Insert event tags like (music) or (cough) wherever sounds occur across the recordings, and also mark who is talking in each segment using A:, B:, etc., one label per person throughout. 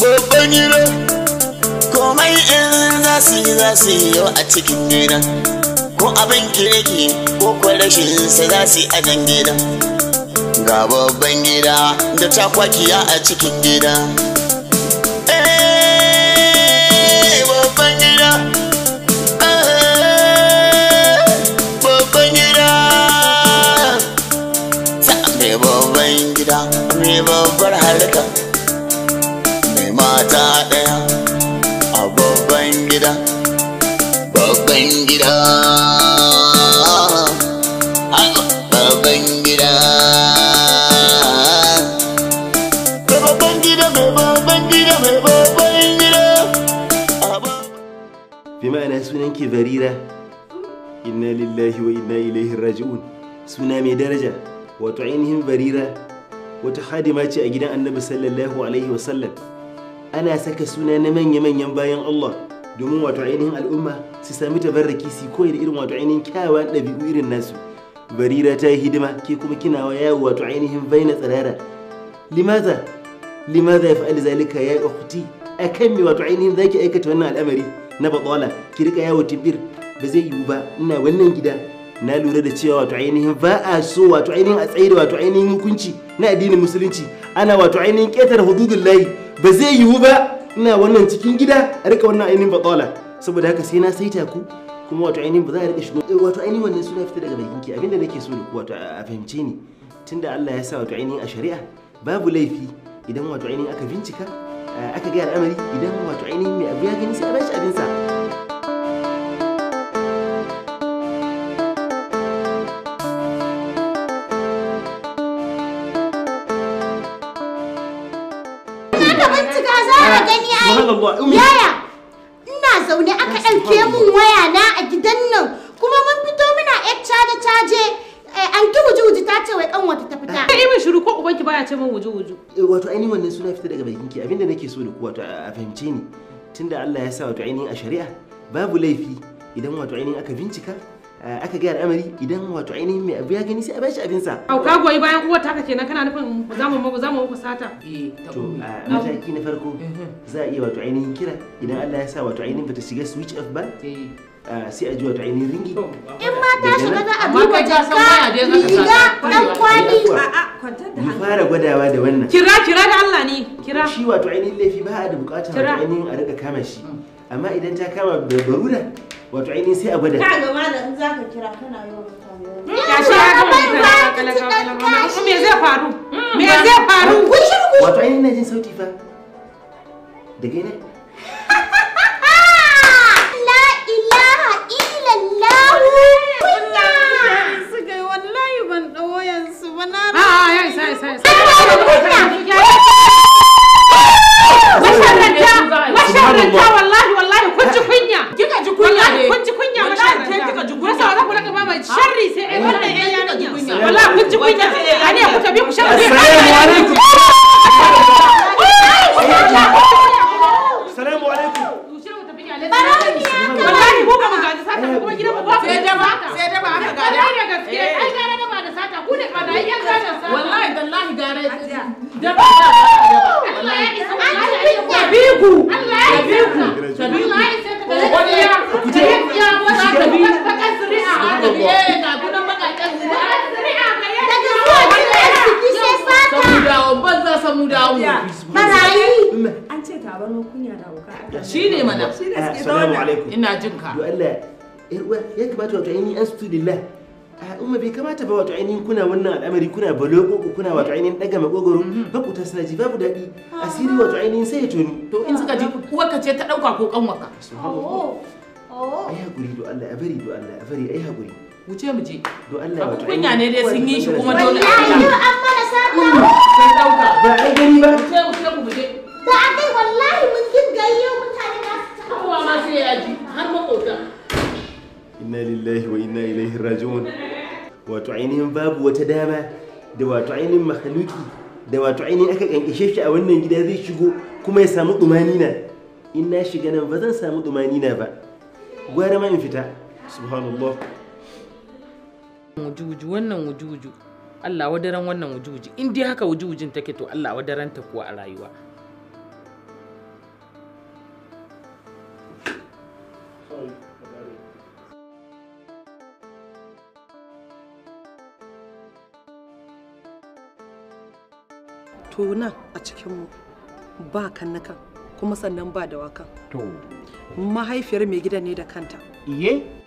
A: babban hira komai in za yi za yi yau a cikin gida ko abin kirki ko rashin sa za yi a nan gida ga babban gida da takwakiya a cikin gida eh, babban gida eh, babban gida mai babbar harka mata ɗaya a babban gida babban gida babban gida babban gida babban gida babban
B: gida sunan barira inna lillahi wa inna ilaihi raji'un suna mai daraja wato ainihin barira wata hadima ce a gidan annabi sallallahu alaihi wasallam ana saka suna na manya-manyan bayan Allah domin wato ainihin al'umma su sami tabarraki su koyi da irin wato ainihin kyawawan ɗabi'u irin nasu barira ta yi hidima ke kuma kina wa yawo wato ainihin baina tsirara limaza limaza ya fa'ali zalika ya ukhti akan me wato ainihin zaki aikata wannan al'amari na batsala ki rika yawo tibir ba zai yiwu ba ina wannan gida na lura da cewa wato ainihin ba a so wato ainihin a tsaye da wato ainihin hukunci na addinin musulunci ana wato ainihin ƙetare hududullahi ba zai yiwu ba ina wannan cikin gida a rika wannan ainihin batola saboda haka sai na saita ku kuma wato ainihin ba za a rika shigo eh, wato ainihin wannan suna fita daga bakin ki abinda nake so ne wato a fahimce ni tunda Allah ya sa wato ainihin a shari'a babu laifi idan wato ainihin aka bincika eh, aka ga al'amari idan wato ainihin mai abu ya gani sai a bashi sa.
A: illallah umi yaya ina zaune aka ɗauke mun waya na a gidan nan kuma mun fito muna yar
C: caje caje eh, an ki wuji wuji ta ce wai kan wata ta fita kai
B: min shiru ko ubanki baya ce eh, wato ainihin wannan suna fita daga bakin ki abinda nake so da ku wato a fahimce ni tunda Allah ya sa wato ainihin a shari'a babu laifi idan wato ainihin aka bincika Eh, aka gaya al'amari idan wato ainihin mai abu ya gani sai a bashi abinsa. Au ka goyi
C: bayan uwar taka kenan kana nufin za mu muku za mu muku sata.
B: Eh, to a mataki na farko eh, za a iya wato ainihin kira idan Allah ya sa wato ainihin bata shiga switch off ba. sai a ji wato ainihin ringi. In
C: ma ta shiga za a duba jaka, riga, ɗan kwali.
B: Mu fara gwadawa da wannan. Kira kira da Allah ne. Kira. Shi wato ainihin laifi ba a da bukatar wato ainihin a rika kama shi. Mm. Amma idan ta kama da barura wato ainihin sai a gwada ka
C: ga da in zaka kira kana yau mutane
B: ya mm. shi ya ga da
C: kala kala kala me zai faru mm. me zai faru
B: wato ainihin na jin sauti fa daga ne
A: (laughs)
C: da kuma gidan mu ba sai da ba sai da ba aka gada da gaske eh. ai gara da ba da sata ku ne ba da yan sata wallahi wallahi gara da ba da Allah ya isa wallahi ai ku biku Allah ya biku Allah ya isa ka wani ya ku je ya ba za ka bi ka kan zuri'a ka bi eh ga gudan makakan ka ya da zuwa gidan ciki sai sata
B: barayi an ce tabar kunya da wuka shine mana assalamu alaikum ina jinka do Allah yar eh, ya kamata wato ainihin an su lillah a umma bai kamata ba wato ainihin kuna wannan al'amari kuna balo ko kuna wato ainihin daga makogoro makuta mm-hmm. suna ji babu daɗi ah. asiri wato ainihin sai ya toni to in suka ji uwarka ce ta ɗauka ko kanwarka oh, oh. ai hakuri do Allah a bari do Allah a bari ai hakuri wuce mu je do Allah wato ainihin kunya ne dai sun yi shi kuma dole a dama da wato ainihin mahaluki da wato ainihin aka kankashe shi a wannan gida zai shigo kuma ya samu dumanina in na shiga nan ba zan samu dumanina ba gwara ma in fita subhanallah
C: wujuju wannan wujuju Allah wadaran wannan wujuji in dai haka wujujin take to Allah wadaranta kuwa a rayuwa tona a a cikinmu ba kan na kan kuma sannan ba da wakan to mahaifiyar mai gidan ne da kanta iye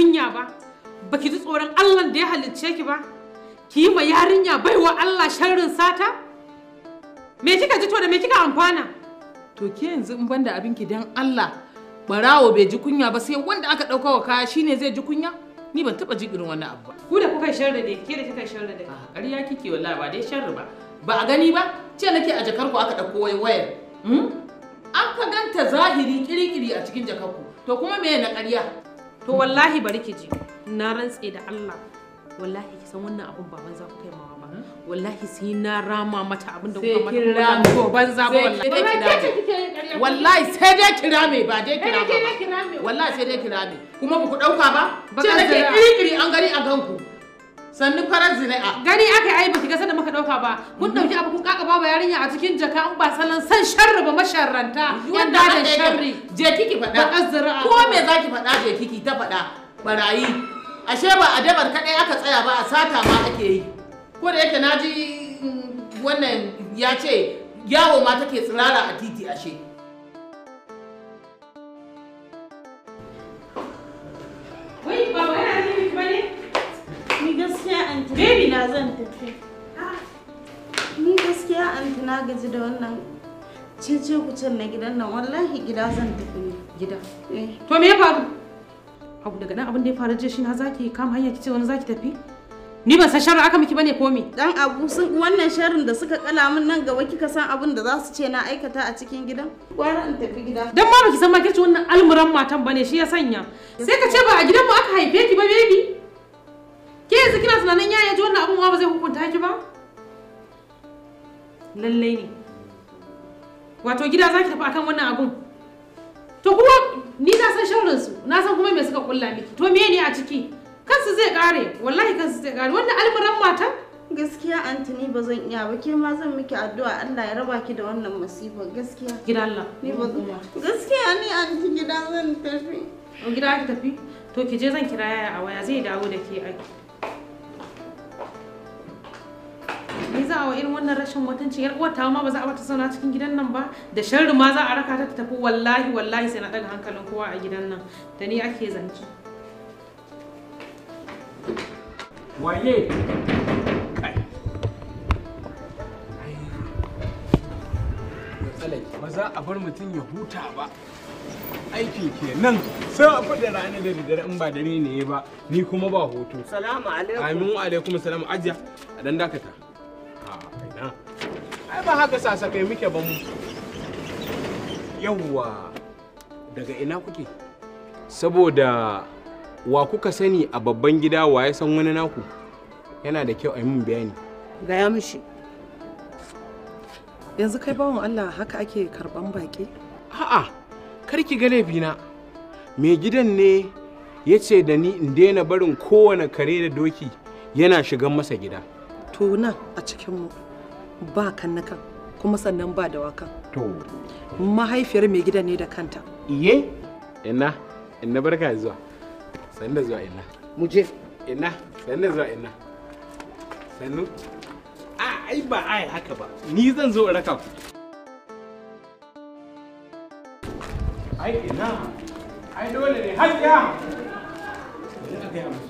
C: kunya ba baki ji tsoron Allah da ya halicce ki ba ki yi ma yarinya baiwa Allah sharrin sata me kika ji to da me kika amfana to ke yanzu in banda abin ki dan Allah barawo bai ji kunya ba sai wanda aka dauka wa kaya shine zai ji kunya ni ban taba ji irin wannan abu ba ku da kuka sharri da ke da kika sharri da a ƙarya kike wallahi ba dai sharri ba ba a gani ba ce nake a jakar ku aka dauko wai wayar hmm? an ka ganta zahiri kirikiri a cikin jakar ku to kuma me na ƙarya to wallahi bari ki ji na rantse da Allah wallahi ki san wannan abun baban za ku kai mawa ba hmm? wallahi sai na rama mata abin da kuka mata rama to banza ba wallahi wallahi sai dai kira me ba dai kira ba wallahi sai dai kira me kuma ba ku dauka ba ce da ke kirkiri an gari a ganku sannu farar zuri'a gani aka ai baki gasa da muka dauka ba kun dauki abu kun kaka baba yarinya a cikin jaka an ba salon san sharri ba masharranta yan da sharri je kiki faɗa azzara ko me zaki faɗa je kiki ta faɗa barayi ashe ba a dabar kadai aka tsaya ba a sata ma ake yi ko da yake naji
D: mm,
C: wannan ya ce yawo ma take tsirara a titi ashe wai baba yana gaskiya anti baby na zan tafi ni gaskiya anti na gaji da wannan cece kucin na gidan nan wallahi gida zan tafi ne gida eh. to me ya faru abu daga nan abin da ya faru je shi na zaki kama hanya kice wani zaki tafi Ni ban san sharri aka miki bane ko me? Dan abu sun wannan sharrin da suka kala min nan gaba kika san abin da za su ce na aikata a cikin gidan. Gwara in tafi gida. Dan ma baki san ma kirci wannan almuran matan bane shi ya sanya. Sai ka ce ba a gidan mu aka haife ki ba baby. ki ba lallai ne wato gida za ki tafi akan wannan abun to kuma ni na san sharrin su na san kuma me suka kulla miki to me ne a ciki kansu zai kare wallahi kansu zai kare wannan almuran mata gaskiya antini ba zan iya ba ke ma zan miki addu'a Allah ya raba ki da wannan masifa gaskiya gidan Allah ni ba zan gaskiya ni anti gidan zan tafi o oh, gida ki tafi to ki je zan kira yaya a waya zai dawo da ke aiki ni za a wa irin wannan rashin mutunci yar uwar ma ba za a bata zauna cikin gidan nan ba da sharri ma za a raka ta tafi wallahi wallahi sai na daga hankalin kowa a gidan nan da ni ake zance
D: waye ba za a bar mutum ya huta ba aiki ke nan sai a faɗi rana da dare in ba dare ne ba ni kuma ba hoto salamu alaikum amin wa alaikum salamu ajiya a dan dakata ai ba haka sasakai muke ba mu yawwa daga ina kuke saboda wa kuka sani a babban gida wa ya san wani naku yana da kyau a yi min bayani gaya mishi
C: yanzu kai bawan allah haka ake karban baki
D: a'a kar ki ga na. mai gidan ne ya ce da ni in daina barin kowane kare da doki yana shigan masa gida
C: to nan a cikinmu ba kan na kan kuma sannan ba waka. To. Mahaifiyar mai gida ne da kanta.
D: Iye? Ina, ina barka zuwa. Sani da zuwa ina. Muje. Ina, sani da zuwa ina. Sannu. A, ai ba ai haka ba. Ni zan zo in raka ku. Ai ina. Ai dole ne hajiya. Ina ga musu.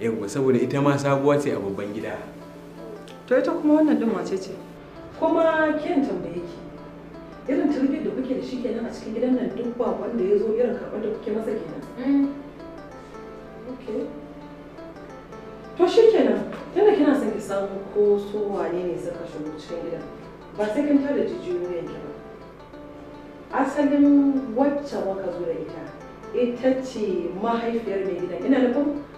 D: yawwa saboda ita ma sabuwa ce a babban gida to ita kuma wannan din wace ce
C: kuma kiyan tambaye ki irin tarbiyyar da kuke da shi kenan a cikin gidan nan duk ba wanda ya zo irin karɓar da kuke masa kenan mm. to shi kenan tunda kina son ki samu ko so wane ne suka shigo cikin gidan ba sai kin tada jijiyoyin ki ba asalin wacce muka zo da ita ita ce mahaifiyar mai gidan ina nufin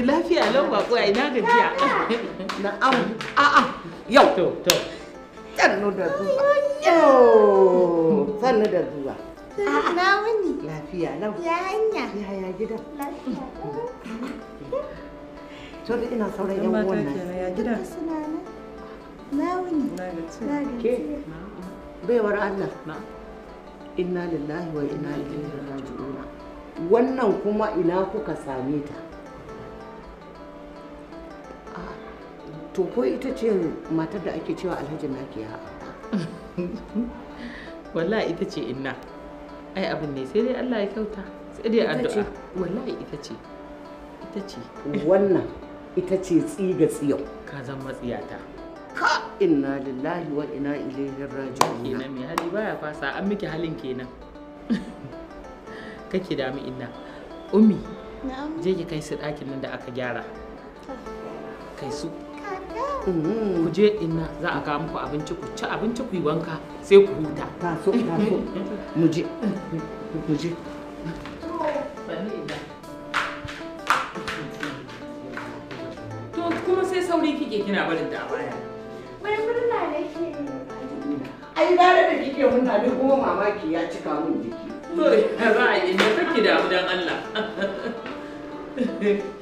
C: lafiya lau bako a na gajiya Na na'am a'a yau to to sannu da zuwa yau sannu da zuwa na wuni lafiya lau ya hanya ya ya gida to da ina sauran yan uwan nan ya gida na wuni na gaji baiwar Allah inna lillahi wa inna ilaihi raji'un wannan kuma ina kuka same ta to ko ita ce matar da ake cewa alhaji naki ya (laughs) wallahi ita ce inna ai abin ne sai dai Allah ya kyauta sai dai addu'a wallahi ita ce ita ce wannan ita ce tsiga tsiyo ka zan matsiyata ka inna lillahi wa inna ilaihi raji'un kenan mai hali baya fasa an miki halin kenan (laughs) kake da mu inna ummi je ki kai su ɗakin nan da aka gyara kai su Mm-hmm. ku je dinnan za a kawo muku abinci ku ci abinci ku yi wanka sai ku huta ta so ta so (laughs) mu je mu je to kuma sai sauri kike kina barin da a baya wai murna ke ai gara da kike murna duk kuma mamaki ya cika mun jiki to za a yi ne kake
A: damu dan Allah (laughs)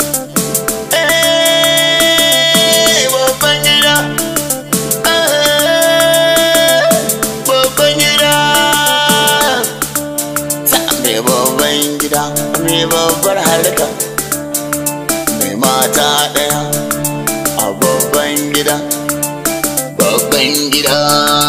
A: babbar halitta mai mata ɗaya a babban gida babban gida